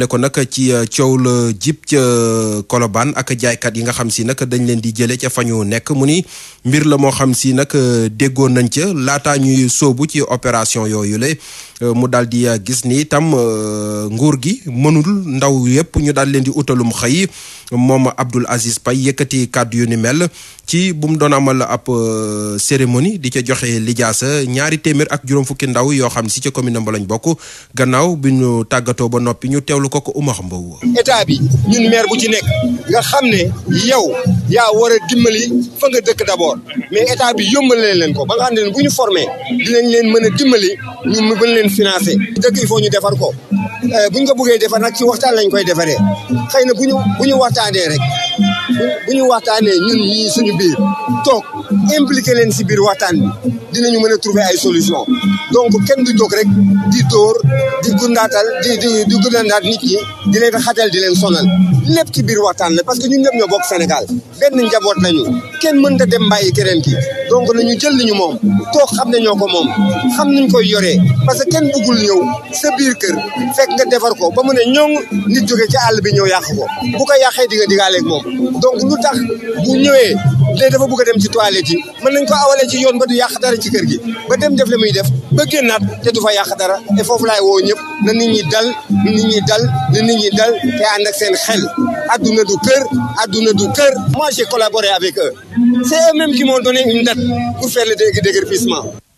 le ko nag ci euh, coow la jib ca euh, Colobane ak jaaykat yi nga xam si nag dañ leen di jëlee ca fa ñu nekk mu ni mbir la moo xam si nag euh, déggoon nañ ca laataa ñuy sóobu ci opération yooyu le Euh, mu daal di euh, gis ni itam euh, nguur gi mënul ndaw yëpp ñu daal leen di utalum xëy moom Abdoul Aziz Paye yëkkati kàddu yu ni mel ci bu mu doon amal ab cérémonie di ca joxe lijaasa ñaari téeméer ak juróom fukki ndaw yoo xam si ca commune am ba lañ bokk gannaaw bi ñu tàggatoo ba noppi ñu teewlu ko ko Oumar Mbow. état bi ñun maire bu ci nekk nga xam ne yow yaa war a dimbali fa nga dëkk d'abord mais état bi yombalee leen ko ba nga xam ne bu ñu formé dinañ leen a dimbali ñu financé dëkk il faut ñu defar ko euh, buñ ko bëggee defar nag ci waxtaan lañ koy defaree xëy na bu ñu bu ñu waxtaanee rek bu ñu waxtaanee ñun ñii suñu biir toog impliqué leen si biir waxtaan bi dinañu mën a trouver ay solution donc kenn di toog rek di dóor di gundaatal di di di gundaandaat nit ñi di leen xatal di leen sonal lépp ci biir waxtaan la parce que ñun ñëpp ñoo bokk Sénégal benn jaboot nañu kenn mën ta dem bàyyi keneen ki donc nañu jël li ñu moom toog xam ne ñoo ko moom xam ñu ko yoree parce que kenn bëggul ñëw sa biir kër fekk nga defar ko ba mu ne ñoŋ nit jóge ci àll bi ñëw yàq ko bu ko yàqee di nga digaaleeg donc lu tax bu ñëwee léegi dafa bëgg a dem ci toilette yi mën nañ ko awalee ci yoon ba du yàq dara ci kër gi ba dem def la muy def ba naat te du fa yàq dara te foofu laay woo ñëpp na nit ñi dal nit ñi dal na nit ñi dal te ànd seen xel adduna du kër adduna du kër. moi j'ai collaboré avec eux c'est eux-mêmes qui m'ont donné une date pour faire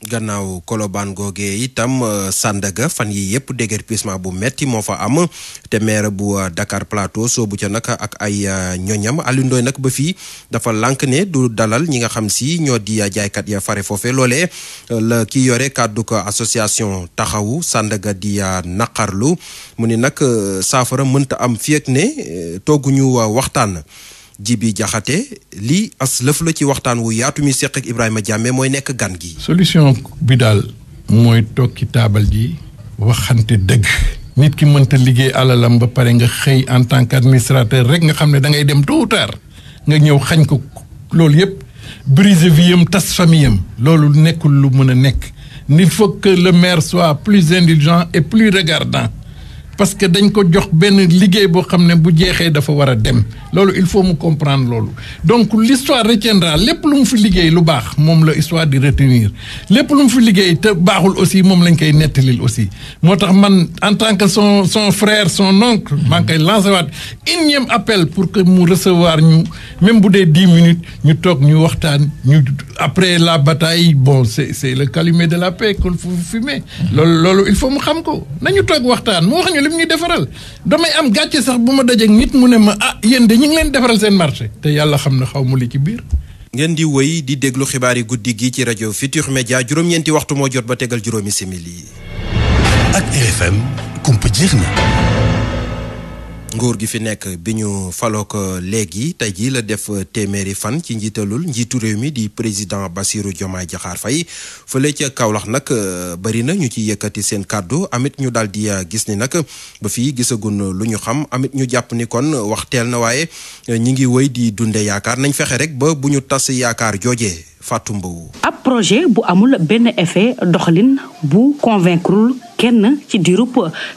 gannaaw Colobane googee itam euh, Sandaga fan yi yëpp déguerpissement bu metti moo fa am te maire bu euh, Dakar Plateau soobu ca nag ak ay euh, ñoñam Alioune Ndoye nag ba fii dafa lànk ne du dalal ñi nga xam si ñoo di jaaykat ya fare foofe loole la ki yore kàddu association taxawu Sandaga di naqarlu mu ni nag saafara mënta am fi ak ne tooguñu waxtaan Jibi Jaxate lii as lëf la ci waxtaan wu yaatu mi seq ak Ibrahima Diame mooy nekk gan gi. solution bi daal mooy toog taabal ji waxante dëgg. nit ki mënta liggéey alalam ba pare nga xëy en tant qu'administrateur rek nga xam ne da ngay dem tôt ou nga ñëw xañ ko loolu yëpp briser vie am tas famille am loolu nekkul lu mën a nekk il faut le maire soit plus indulgent et plus regardant. parce que dañ ko jox benn liggéey boo xam ne bu jeexee dafa war a dem loolu il faut mu comprendre loolu donc l'histoire retiendra lépp lu mu fi liggéey lu baax moom la histoire di retenir lépp lu mu fi liggéey te baaxul aussi moom lañ koy nettalil aussi moo tax man en tant que son son frère son oncle maa ngi koy lancé waat énième appel pour que mu recevoir ñu même bu dee dix minutes ñu toog ñu waxtaan ñu après la bataille bon c'est c'est le calumet de la paix qu'on faut loolu loolu faut mu xam ko nañu toog waxtaan lim ñu defaral damay am gàcce sax bu ma dajeek nit mu ne ma ah yéen de leen defaral seen marché te yàlla xam ne xaw ma li ci biir. ngeen di wéy di déglu xibaar yi guddi gi ci rajo Futur Media juróom-ñeenti waxtu moo jot ba tegal juróomi simili yi. ak RFM kumpa jeex na. nguur gi fi nekk bi ñu falook euh, léegi tey jii la def euh, téeméeri fan ci njiitalul njiitu réew mi di président basiiru Diomaye Diakhar fay fële ca Kaolack nag euh, bari na ñu ci yëkkati seen kàddu amit ñu daal di gis ni nag ba fii gisagun lu ñu xam amit ñu jàpp ni kon waxteel na waaye ñi ngi woy di dunde yaakaar nañ fexe rek ba bu ñu tas yaakaar joojee Fatou Mbow ab projet bu amul benn effet doxalin bu convaincrul kenn ci di diirub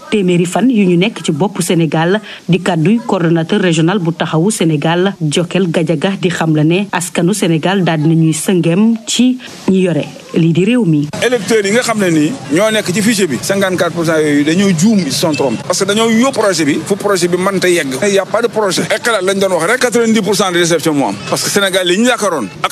téeméeri fan yu ñu nekk ci bopp Sénégal di kàdduy coordonnateur régional bu taxawu Sénégal Jokel Gajaga di xam la ne askanu Sénégal daal di nañuy sëngeem ci ñi yore lii di réew mi. électeurs yi nga xam ne nii ñoo nekk ci fichier bi. 54 pour cent yooyu dañoo juum ils sont trompés. parce que dañoo yóbbu projet bi bi mënta yegg. mais a pas de projet. ay xalaat doon wax rek 90 pour cent de moo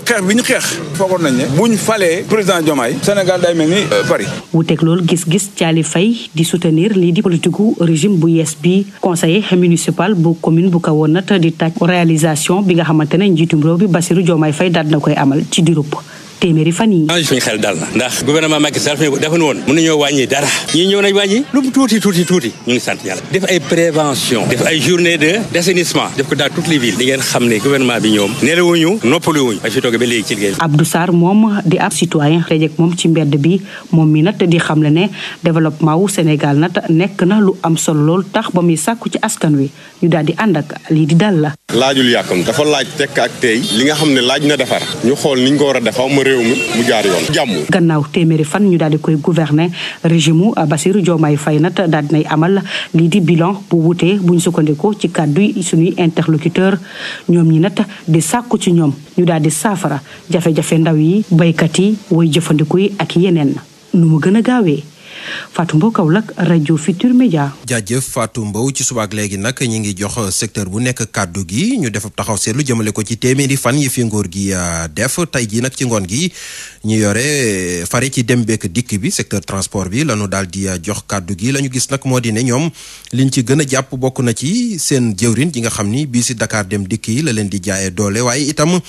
xeex bi ñu xeex foogoon nañ ne buñ falee président Diomaye Sénégal day mel ni euh, Paris. wuuteeg loolu gis-gis caali fay di soutenir lii di politiku régime bu yees bi conseiller municipal bu commune bu kawoon Kawonat di tàj réalisation bi nga xamante ne njiitum réew bi Bassirou Diomaye Faye daal na koy amal ci diirub téeméeri fan yi ah suñu xel dal na ndax gouvernement Macky Sall suñu defoon woon mën nañoo wàññi dara ñi ñëw nañ wàññi lu mu tuuti tuuti ñu ngi sant yàlla def ay prévention def ay journée de d'assainissement def ko dans toutes les villes di ngeen xam ne gouvernement bi ñoom nelawuñu noppaluwuñu ay si toog ba léegi ci liggéey Abdou Sarr moom di ab citoyen rejek moom ci mbedd bi moom mi nag di xam le ne développement wu Sénégal nag nekk na lu am solo loolu tax ba muy sàkku ci askan wi ñu di ànd ak di dal la laajul yàkkam dafa laaj tekk ak tey li nga xam ne laaj na defar ñu xool ni ñu ko war a defar ma réew mi mu jaar yoon jàmm gannaaw téeméeri fan ñu daal di koy gouverner régime u Bassirou Diomaye Faye nag daal dinay amal lii di bilan bu wutee bu ñu sukkandikoo ci kàddu suñuy interlocuteur ñoom ñi nag di sàkku ci ñoom ñu daal di saafara jafe-jafe ndaw yi baykat yi way jëfandiku yi ak yeneen nu mu gën a gaawee Fatou Mbow Kaolack rajo Futur Media. jaajëf faatu Mbow ci subaak léegi nag ñi ngi jox secteur bu nekk kàddu gi ñu def taxaw seetlu jëmale ko ci téeméeri fan yi fi nguur gi euh, def tey jii nag ci ngoon gi ñu yore euh, fare ci dem beek dikk bi secteur transport bi lañu daal di euh, jox kàddu gi la ñu gis nag moo di ne ñoom liñ ci gën a jàpp bokk na ci seen jëwrin ji nga xam ni bii si Dakar dem dikk yi la leen di jaayee doole waaye itam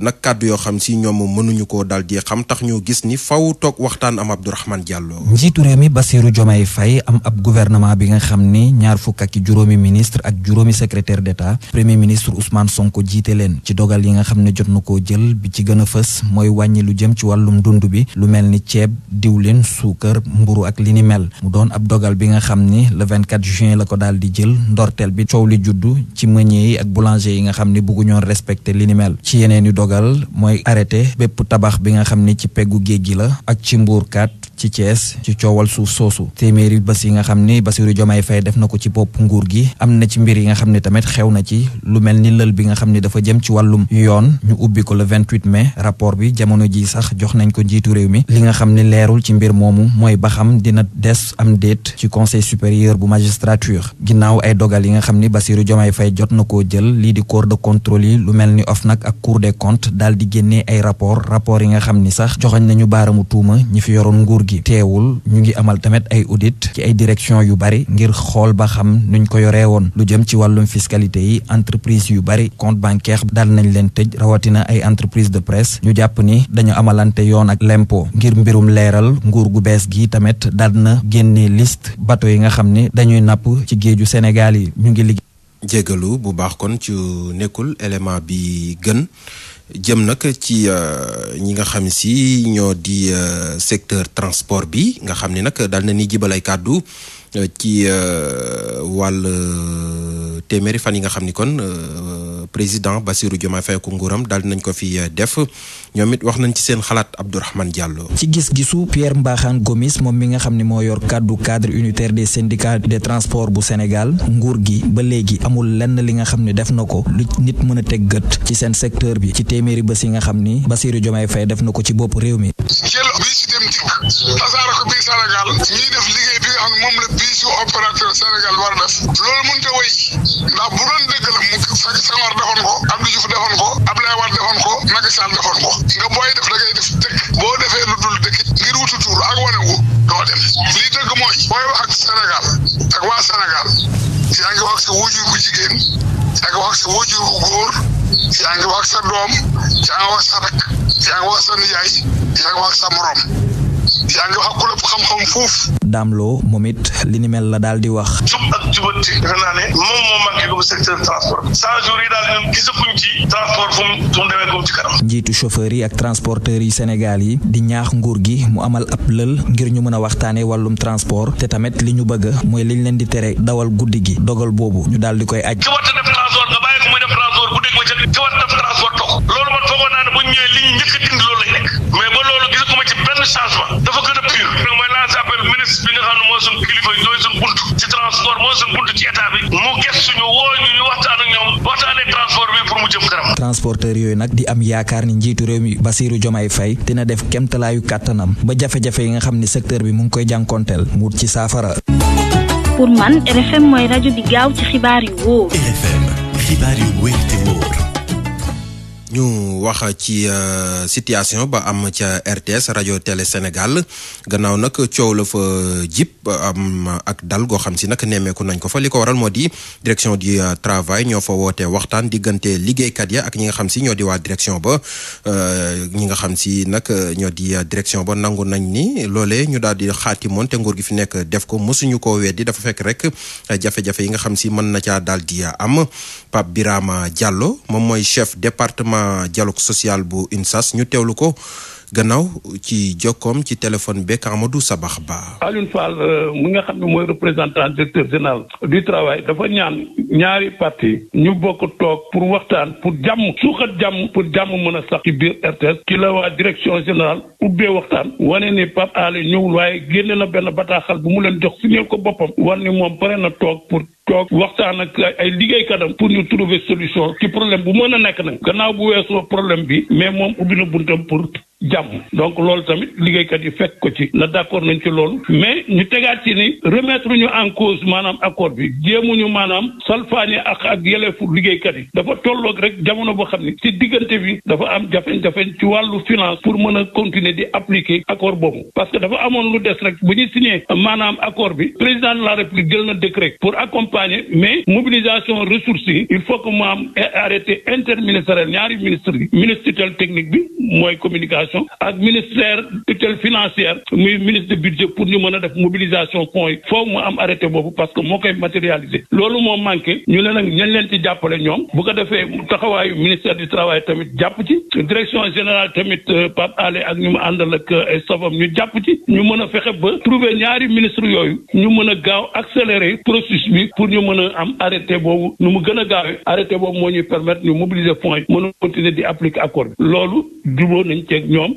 nag kàddu yoo xam si ñoom mënuñu ko daal di xam tax gis ni faw toog waxtaan am Abdourahmane Diallo njiitu réew mi Bassirou Diomaye Faye am ab gouvernement bi nga xam ni ñaar fukk ak juróomi ministre ak juróomi secrétaire d'État premier ministre Ousmane Sonko jiite leen ci dogal yi nga xam ne jot na koo jël bi ci gën a fës mooy wàññi lu jëm ci wàllum dund bi lu mel ni ceeb diwlin suukar mburu ak li mu doon ab dogal bi nga xam ni vingt 24 juin la ko daal di jël ndorteel bi coow li juddu ci meunier ak boulanger yi nga xam ni bëggu ñoon respecté li ci yeneen i dogal mooy arrêté bépp tabax bi nga xam ni ci peggu géej gi la ak ci mbuurkat ci Thiès ci coowal suuf soosu téeméeri bés yi nga xam ni Bassirou Diomaye Faye def na ko ci bopp nguur gi am na ci mbir yi nga xam ne tamit xew na ci lu mel ni lël bi nga xam ne dafa jëm ci wàllum yoon ñu ubbi ko le 28 mai rapport bi jamono ji sax jox nañ ko njiitu réew mi li nga xam ni leerul ci mbir moomu mooy ba xam dina des am déet ci conseil supérieur bu magistrature ginnaaw ay dogal yi nga xam ni Bassirou jomaay fay jot na koo jël lii di corps de contrôle yi lu mel ni OFNAC ak cour des comptes daal di génnee ay rapport rapport yi nga xam ni sax joxoñ nañu baaramu tuuma ñi fi yoroon nguur nguur gi teewul ñu ngi amal tamit ay audit ci ay direction yu bari ngir xool ba xam nuñ ko yoree woon lu jëm ci wàllum fiscalité yi entreprise yu bari compte bancaire dal nañ leen tëj rawatina ay entreprise de presse ñu jàpp ni dañu amalante yoon ak lempo ngir mbirum leeral nguur gu bees gi tamit daal na génne liste bato yi nga xam ni dañuy napp ci géeju Sénégal yi ñu ngi liggéey jégalu bu baax kon ci nekkul élément bi gën jëm nag ci euh, ñi nga xam si ñoo di euh, secteur transport bi nga xam ni nag dal na ni jibalay kàddu euh, ci wàll téeméeri fan yi nga xam ni kon euh, président Bassirou Diomaye Faye ko nguuram daal dinañ ko fi euh, def ñoom it wax nañ ci seen xalaat Abdourahmane Diallo. ci gis-gisu Pierre mbaaxaan Gomis moom mi nga xam ni moo yor kàddu cadre unitaire des syndicats de transport bu Sénégal nguur gi ba léegi amul lenn li nga xam ne def na ko lu nit mën a teg gët ci seen secteur bi ci téeméeri bés yi nga xam ni Bassirou Diomaye fay def na ko ci bopp réew mi. ci opérateur Sénégal war def loolu mënut a wéy ndax bu doon dëgg la mu fekk Senghor defoon ko Abdou Diouf defoon ko Abdoulaye booy def da boo defee lu dul dëkk ngir wutu ak wane wu doo dem lii dëgg mooy booy wax ak Sénégal ak waa Sénégal yaa ngi wax sa wujur bu jigéen yaa góor yaa ngi wax sa doom yaa ngi wax sa rakk yaa ngi wax sa nijaay yaa yaa ngi wax moom it li ni mel la daal di wax. jub ak jubati defe naa moo manqué njiitu chauffeur yi ak transporteur yi senegal yi di ñaax nguur gi mu amal ab lël ngir ñu mën a waxtaanee wàllum transport te tamit li ñu bëgg mooy liñ leen di tere dawal guddi gi dogal boobu ñu daal koy aj bunt transporteur yooyu nag di am yaakaar ni njiitu réew mi Bassirou Diomaye fay dina def kemtalaayu kàttanam ba jafe-jafe yi nga xam ni secteur bi mu ngi koy jànkonteel mu ci saafara. pour man RFM mooy rajo bi gaaw ci xibaar yu wóor. ñu wax ci euh, situation ba am ca RTS rajo télé Sénégal gannaaw nag coow la fa jib am ak dal goo xam si nag nemmeeku nañ ko fa li ko waral moo di direction di euh, travail ñoo fa wootee waxtaan diggante liggéeykat ya ak ñi nga xam si ñoo di waa direction ba euh, ñi nga xam si nag ñoo di direction ba nangu nañ ni loole ñu daal di xaatimoon te nguur gi fi nekk def ko mosuñu koo weddi dafa fekk rek jafe-jafe yi nga xam si mën na caa daal di am Pape Birama Diallo moom mooy chef département. président dialogue social bu INSAS ñu teewlu ko gannaaw ci jokkoom ci téléphone beeg Amadou Sabax Ba. Alioune Fall euh, mi nga xam ne mooy représentant directeur général du travail dafa ñaan ñaari parti ñu bokk toog pour waxtaan pour jàmm suuxat jàmm pour jàmm mën a sax ci biir RTS ci la waa direction générale ubbee waxtaan wane ni Pape Alé ñëwul waaye génne na benn bataaxal bu mu leen jox signé ko boppam war ni moom pare na toog pour toog waxtaan ak ay liggéeykatam pour ñu trouver solution ci problème bu mën a nekk nag gannaaw bu weesoo problème bi mais moom ubbi na buntam pour jàmm donc loolu tamit liggéeykat yi fekk ko ci na d'accord nañ ci loolu mais ñu tegaat ci ni remettre ñu en cause maanaam accord bi jéemuñu maanaam salfaani ak ak yeleefu liggéeykat yi dafa tolloog rek jamono boo xam ne ci diggante bi dafa am jafe-jafe ci wàllu finance pour mën a continuer di appliquer accord boobu parce que dafa amoon lu des rek bu ñu signé maanaam bi président de la accompagner mais mobilisation ressources yi il faut que mu am arrêté interministériel ñaari ministre yi ministre tutelle technique bi mooy communication ak ministère tutelle financière muy ministre budget pour ñu mën a def mobilisation fonds yi foofu mu am arrêté boobu parce que moo koy matérialiser loolu moo manqué ñu ne nag ñañ leen ci jàppale ñoom bu ko defee taxawaayu ministère du travail tamit jàpp ci direction général tamit euh, Pape ale ak ñu mu àndal ak euh, ay safam ñu jàpp ci ñu mën a fexe ba trouver ñaari ministre yooyu ñu mën a gaaw accélérer pour mën a am arrêté boobu nu mu gën a gaawee boobu moo ñuy permettre ñu mobiliser fonds yi mën a continuer di appliquer accord bi loolu juboo nañ ceeg ñoom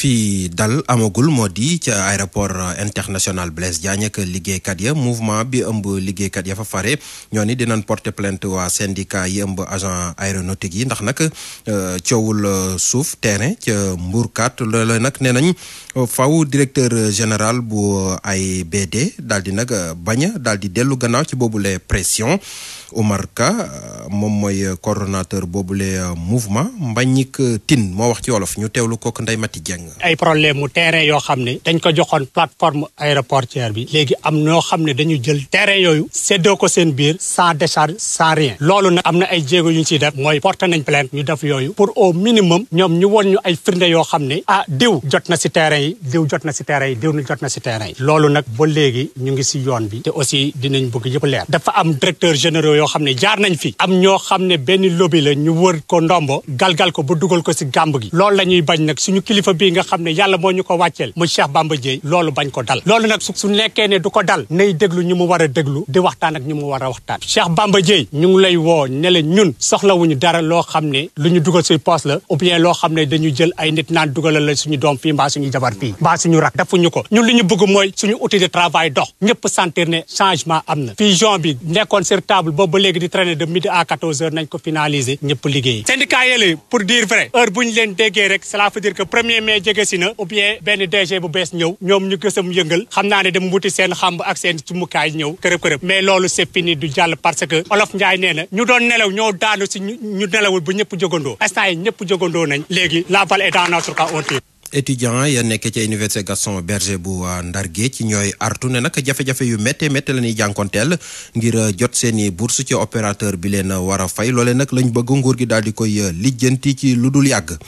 fii dal amagul moo di ca aéroport international Blaise Diagne ak liggéeykat ya mouvement bi ëmb liggéeykat ya fa fare ñoo ni dinañ porter plainte waa syndicat yi ëmb agent aéronautique yi ndax nag euh, coowul euh, suuf terrain ca mbuurkat loola nag nee nañ Euh, faw directeur euh, général bu ay euh, AIBD daal di nag bañ daal di dellu gannaaw ci boobu le pression Omar moom mooy boobu le mouvement Mbagnick tin moo wax ci wolof ñu teewlu kook Ndeye Mati Dieng. ay problème mu terrain yoo xam ne. dañ ko joxoon plateforme aéroportière bi. léegi am ñoo xam ne dañu jël terrain yooyu. seddoo ko seen biir sans décharge sans rien. loolu nag am na ay jéego yu si ciy def. mooy porté nañ plainte ñu def yooyu. pour au minimum ñoom ñu won ñu ay yoo xam ne. ah yi diw jot na si terrain yi diw jot na si terrain yi loolu nag ba léegi ñu ngi si yoon bi te aussi dinañ bëgg yëpp leer dafa am directeur généraux yoo xam ne jaar nañ fi am ñoo xam ne benn lobby la ñu wër ko ndombo gal ko ba dugal ko si gàmb gi loolu la ñuy bañ nag suñu kilifa bii nga xam ne yàlla moo ñu ko wàcceel mu Cheikh Bamba loolu bañ ko dal loolu nag su su nekkee ne du ko dal nay déglu ñu mu war a déglu di waxtaan ak ñu mu war a waxtaan Cheikh Bamba Dièye ñu ngi lay woo ne la ñun soxlawuñu dara loo xam ne lu ñu dugal si poos la ou loo xam ne dañu jël ay nit naan feebar bii mbaa suñu rak ko ñun li ñu bëgg mooy suñu outil de travail dox ñëpp sentir ne changement am na fusion bi nekkoon sur table boobu ba léegi di traîner de midi à 14 heures nañ ko finaliser ñëpp liggéey syndicat yële pour dire vrai heure bu ñu leen déggee rek cela veut dire que premier mai jege si na ou bien benn DG bu bees ñëw ñoom ñu gësam yëngal xam naa ne dem wuti seen xamb ak seen cumukaay ñëw kërëb kërëb mais loolu c'est fini du jàll parce que olof Njaay nee na ñu doon nelaw ñoo daanu si ñu nelawul bu ñëpp jógandoo instant yi ñëpp jógandoo nañ léegi la balle est dans notre camp étudiant ya nekk ca université Gaston Berger bu euh, Ndar ci ñooy artu ne nag jafe-jafe yu méttee méttee la ñuy jànkonteel ngir euh, jot seeni bourse ci opérateur bi leen euh, war a fay loole nag lañ bëgg nguur gi daal di koy lijjanti ci lu dul yàgg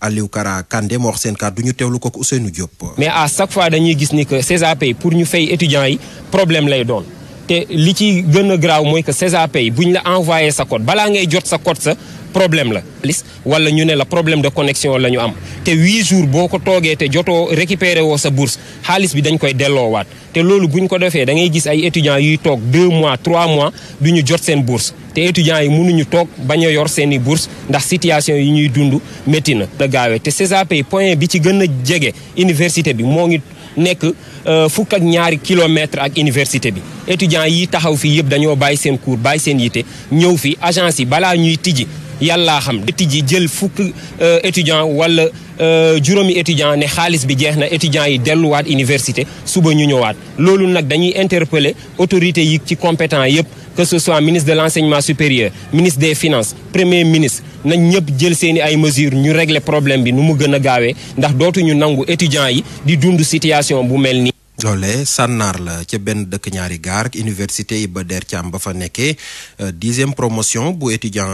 Aliou Kara Kandé moo wax seen kàddu ñu teewlu ko ak Ousseynou Diop. mais à chaque fois dañuy gis ni que CESAP yi pour ñu fay étudiants yi problème lay doon te li ci gën a graaw mooy que CESAP yi bu ñu la envoyé sa code balaa ngay jot sa code sa. problème la lis wala ñu ne la problème de connexion la ñu am te huit jours boo ko toogee te jotoo récupéré woo sa bourse xaalis bi dañ koy delloowaat te loolu bu ñu ko defee da ngay gis ay étudiants yuy toog deux mois trois mois du ñu jot seen bourse te étudiants yi mënuñu toog bañ a yor seen i bourse ndax situation yi ñuy dund métti na la gaawee te CESAP point bi ci gën a jege université bi moo ngi nekk euh, fukk ak ñaari kilomètre ak université bi étudiants yi taxaw fii yëpp dañoo bàyyi seen cours bàyyi seen yite ñëw fi agence yi balaa ñuy tijji yàllaa xam études yi jël fukk euh, étudiant wala euh, juróomi étudiant ne xaalis bi jeex na étudiants yi delluwaat université suba ñu ñëwaat loolu nag dañuy interpeller autorités yi ci compétent yépp que ce soit ministre de l'enseignement supérieur ministre des finances premier ministre nañ ñëpp jël seeni ay mesures ñu régler problème bi nu mu gën a gaawee ndax dootuñu nangu étudiants yi di dund situation bu mel nii loolee sànnaar la ca benn dëkk ñaari gaar université ba Der Thiam ba fa nekkee euh, dixième promotion bu étudiant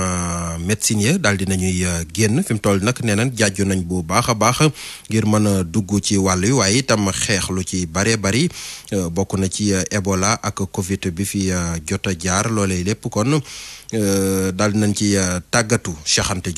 médecine ya daal di nañuy euh, génn fi mu toll nag nee nañ jaaju nañ bu baax a baax ngir mën a dugg ci wàll wi waaye itam xeex lu ci bare bari euh, bokk na ci Ebola ak Covid bi fi jot a jaar loolee lépp kon daal di nañ ci tàggatu Cheikh Anta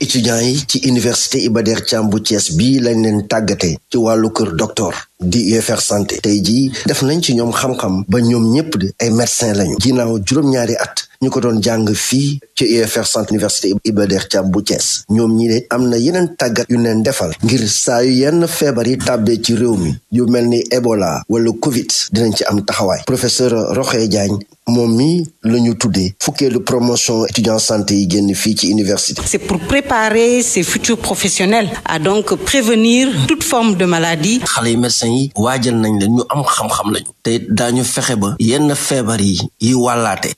étudiants yi ci université Iba Der Thiam bu bii lañ leen tàggatee ci wàllu kër doctor di UFR santé tey jii def nañ ci ñoom xam-xam ba ñoom ñépp di ay médecin lañu ginnaaw juróom-ñaari at ñu ko doon jàng fii ci UFR centre université Iba Der Thiam bu Thiès ñoom ñi ne am na yeneen tàggat yu leen defal ngir saa yenn feebar yi tàbbee ci réew mi yu mel ni Ebola wala Covid dinañ ci am taxawaay professeur Roxee Diagne moom mi la ñu tuddee fukkeelu promotion étudiant santé yi génn fii ci université. c'est pour préparer ces futurs professionnels à donc prévenir toute forme de maladie. xale yi médecins yi waajal nañ leen ñu am xam-xam lañu te daañu fexe ba yenn feebar yi yi wàllaate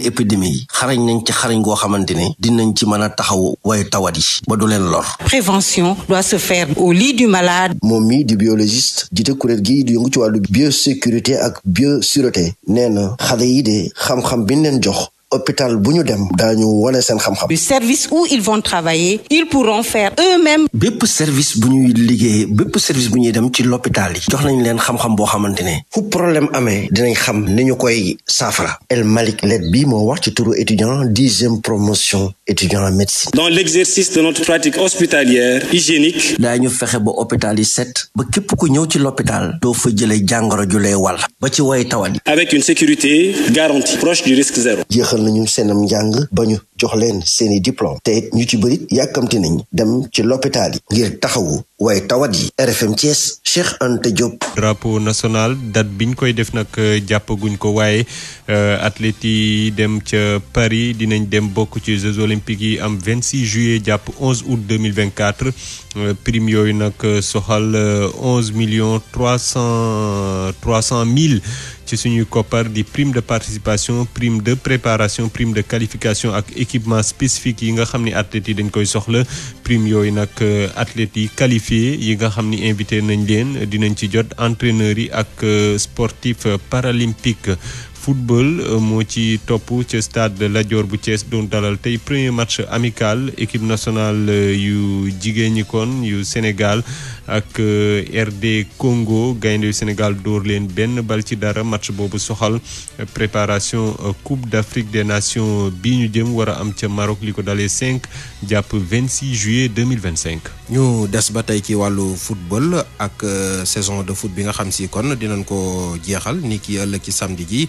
yenn épidémie yi xarañ nañ ci xarañ goo xamante ne dinañ ci mën a taxaw way tawat yi ba du leen lor. prévention doit se faire au lit du malade. moom mi di biologiste jiite kuréel gi di yëngu ci wàllu biosécurité ak biosûreté nee na xale yi de xam-xam bi leen jox. hôpital bu ñu dem daañu wala seen xam-xam. du service où ils vont travailler ils pourront faire eux-mêmes. bépp service bu ñuy liggéey bépp service bu ñuy dem ci l'hôpital yi. jox nañ leen xam-xam boo xamante ne. fu problème amee dinañ xam ni ñu koy saafara. El Malick Let bii moo wax ci turu étudiant dixième promotion. étudiants en médecine. dans l'exercice de notre pratique hospitalière hygiénique. daañu fexe ba hôpital yi set. ba képp ku ñëw ci l'hôpital doo fa jëlee jàngoro ju lay wàll. ba ci woy tawal yi. avec une sécurité garantie. proche du risque zéro. jeexal nañu seenam njàng bañu jox leen seeni diplôme te ñu ci bëri yàkkamti nañ dem ci l'hôpital yi ngir taxawu waaye tawat yi RFM Thiès Cheikh Anta Diop. drapeau national bi biñ koy def nag euh, jàppaguñ ko waaye euh, athlètes yi dem ca Paris dinañ dem bokk ci Jeux olympiques yi am 26 juillet jàpp 11 août 2024 euh, prime yooyu nag soxal 11 millions 300 300 mille. ci suñuy koppar di prime de participation prime de préparation prime de qualification ak équipement spécifique yi nga xam ni athlètes yi dañ koy soxla prime yooyu nag euh, athlètes yi qualifiés yi nga xam ni invité nañ leen dinañ ci jot entraîneurs yi ak euh, sportif paralympique football euh, moo ci topp ca stade Lat bu Thiès doon dalal tey premier match amicale équipe nationale yu jigéen ñi kon yu Sénégal ak euh, RD Congo gaynde Sénégal dóor leen benn bal ci dara match boobu soxal euh, préparation euh, Coupe d'Afrique des Nations bi ñu jëm war a am ca Maroc li ko dalee 5 jàpp 26 juillet 2025. ñu des ba tey ci wàllu football ak saison de foot bi nga xam si kon dinañ ko jeexal ni ki ëllëg ci samedi ji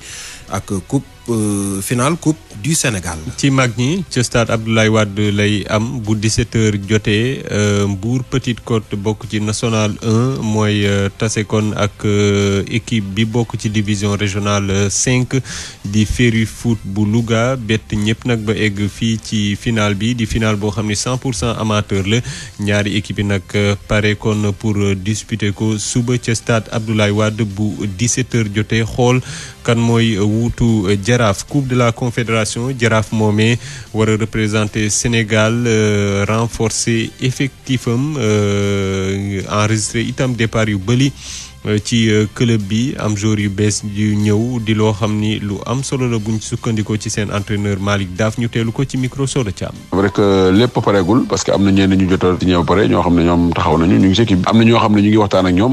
ak coupe. Euh, finale coupe du Sénégal. ci mag ñi ci stade Abdoulaye wadd lay am bu 17h jotee euh, Mbour Petite Côte bokk ci national 1 mooy euh, tase kon ak équipe bi bokk ci division régionale 5 di Ferry Foot bu Louga bett ñëpp nag ba egg fii ci final bi di final boo xam ne 100 pour cent amateur la ñaari équipe yi nag pare kon pour disputer ko suba ca stade Abdoulaye wadd bu 17h jotee xool kan mooy wuutu jar. Jaraaf coupe de la confédération Jaraaf moomee war a représenter Sénégal euh, renforcer effectifam euh, enregistré itam départ yu bëri. ci euh, club bi am joueurs yu bees yu ñëw di loo xam ni lu am solo la buñ sukkandikoo ci seen entraîneur Malick Daaf ñu teelu ko ci micro Soda Thiam. vrai que lépp pareegul parce que am na ñenn ñoo xam ne ñoom taxaw nañu ñu ngi ci équipe bi am na ñoo xam ne ñu ngi waxtaan ak ñu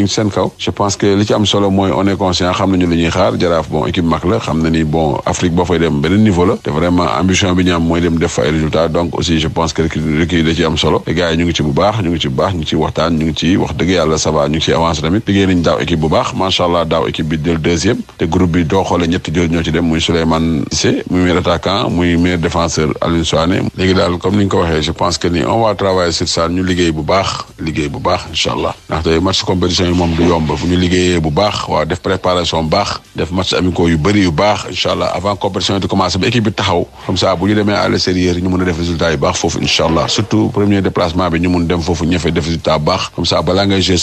ngi seen kaw. je pense que li ci am solo mooy on est conscient xam nañu ni bon Afrique yi ñu ngi ci bu baax ñu ngi ci bu baax ñu ngi ci waxtaan ñu ngi ci wax dëgg yàlla ça va ñu ngi ciy avancé tamit liggéey nañ daaw équipe bu baax macha allah daaw équipe bi jël deuxième te groupe bi doo xoolee ñetti ñoo ci dem muy Souleymane Cissé muy meilleur attaquant muy meilleur défenseur Aliou Souané léegi daal comme ni ko waxee je pense que ni on va travailler sur ça ñu liggéey bu baax liggéey bu baax incha allah ndaxte match compétition yi moom du yomb bu ñu liggéeyee bu baax waaw def préparation baax def match amicaux yu bëri yu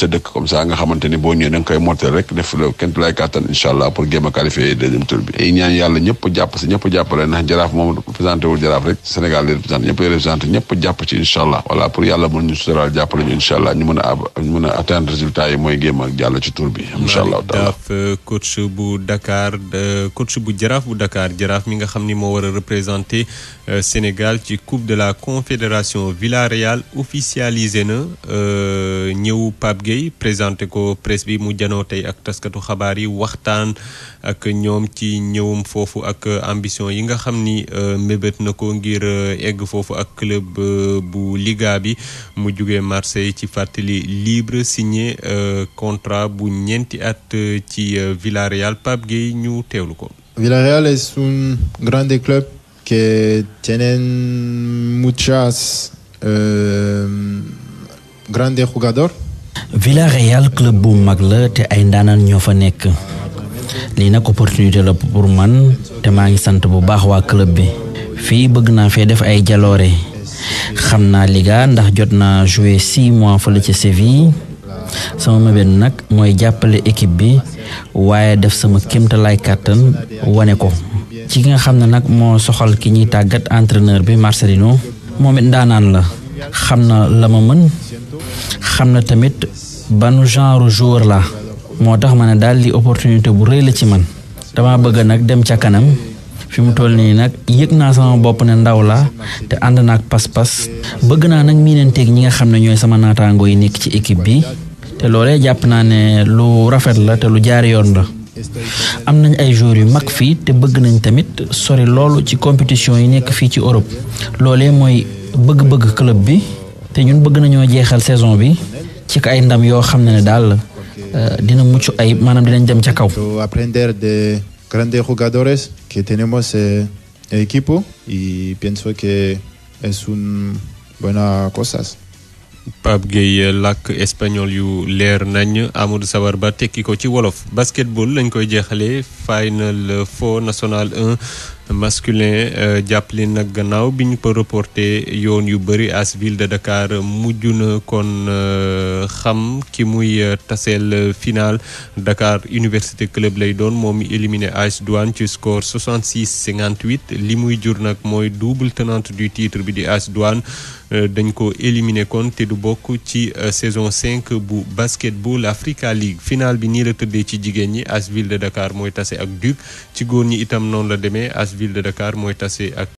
a dëkk comme ça nga xamante ni boo ñëwee da nga koy mottali rek def la kenn lay kàttan incha allah pour géem a qualifié deuxième tour bi ay ñaan yàlla ñëpp jàpp si ñëpp jàpp ci incha a ñu mën a atteindre résultat mooy géem a jàll ci tour bi incha allah bu Dakar coach bu jaraaf bu Dakar jaraaf mi nga xam ni moo war a représenté euh, Sénégal ci coupe de la confédération Villarreal officialisé na euh, ñëw Pape Gueye présenté ko presse bi mu janoo tey ak taskatu xabaar yi waxtaan ak ñoom ci ñëwum foofu ak ambition yi nga xam ni euh, mébét na ko ngir euh, egg foofu ak club euh, bu Liga bi mu jugee Marseille ci fàttali libre signé contrat bu ñeenti at ci Villarreal Pape Gueye ñu teelu ko. Villarreal es un grande club que tienen muchas eh, grandes jugadores. villa Villarreal club bu mag la te ay ndaanaan ñoo fa nekk lii nag opportunité la pour man te maa ngi sant bu baax waa club bi fii bëgg naa fee def ay jaloore xam naa Liga ndax jot naa jouer six mois fële ca Séville sama mébét nag mooy jàppale équipe bi waaye def sama kéemtalaay kàttan wane ko ci ki nga xam ne nag moo soxal ki ñuy tàggat entraîneur bi Marcelino moom it ndaanaan la xam na la ma mën xam na tamit banu genre joueur la moo tax ma ne daal li opportunité bu rëy la ci man dama bëgg nag dem ca kanam fi mu toll nii nag yëg naa sama bopp ne ndaw la te ànd naa ak pas-pas bëgg naa nag miinanteeg ñi nga xam ne ñooy sama naataangoo yi nekk ci équipe bi te loolee jàpp naa ne lu rafet la te lu jaar yoon la am nañ ay joueurs yu mag fii te bëgg nañ tamit sori loolu ci compétition yi nekk fii ci Europe loolee mooy bëgg-bëgg club bi. te ñun bëgg nañoo jeexal saison bi ci ay ndam yoo xam ne ne daal euh, dina mucc ay maanaam dinañ dem ca kaw. aprender de grandes jugadores que tenemos equipo euh, y pienso que es un buena cosas. Pape Gueye làkk espagnol yu leer nañu Amadou Sawar ba tekki ko ci wolof basketball lañ koy jeexalee final four national 1 masculin euh, jàppale nag gannaaw bi ñu ko reporté yoon yu bëri as ville de Dakar mujj na kon euh, xam ki muy euh, taseel final Dakar Université Club lay doon moom éliminé AS Douanes ci score 66 li muy jur nag mooy double tenante du titre bi di AS Euh, dañ ko éliminé kon te du bokk ci euh, saison cinq bu basketball Africa League final bi nii la tëddee ci jigéen ñi AS Ville de Dakar mooy tase ak Duc ci góor ñi itam noonu la demee AS Ville de Dakar mooy tase ak.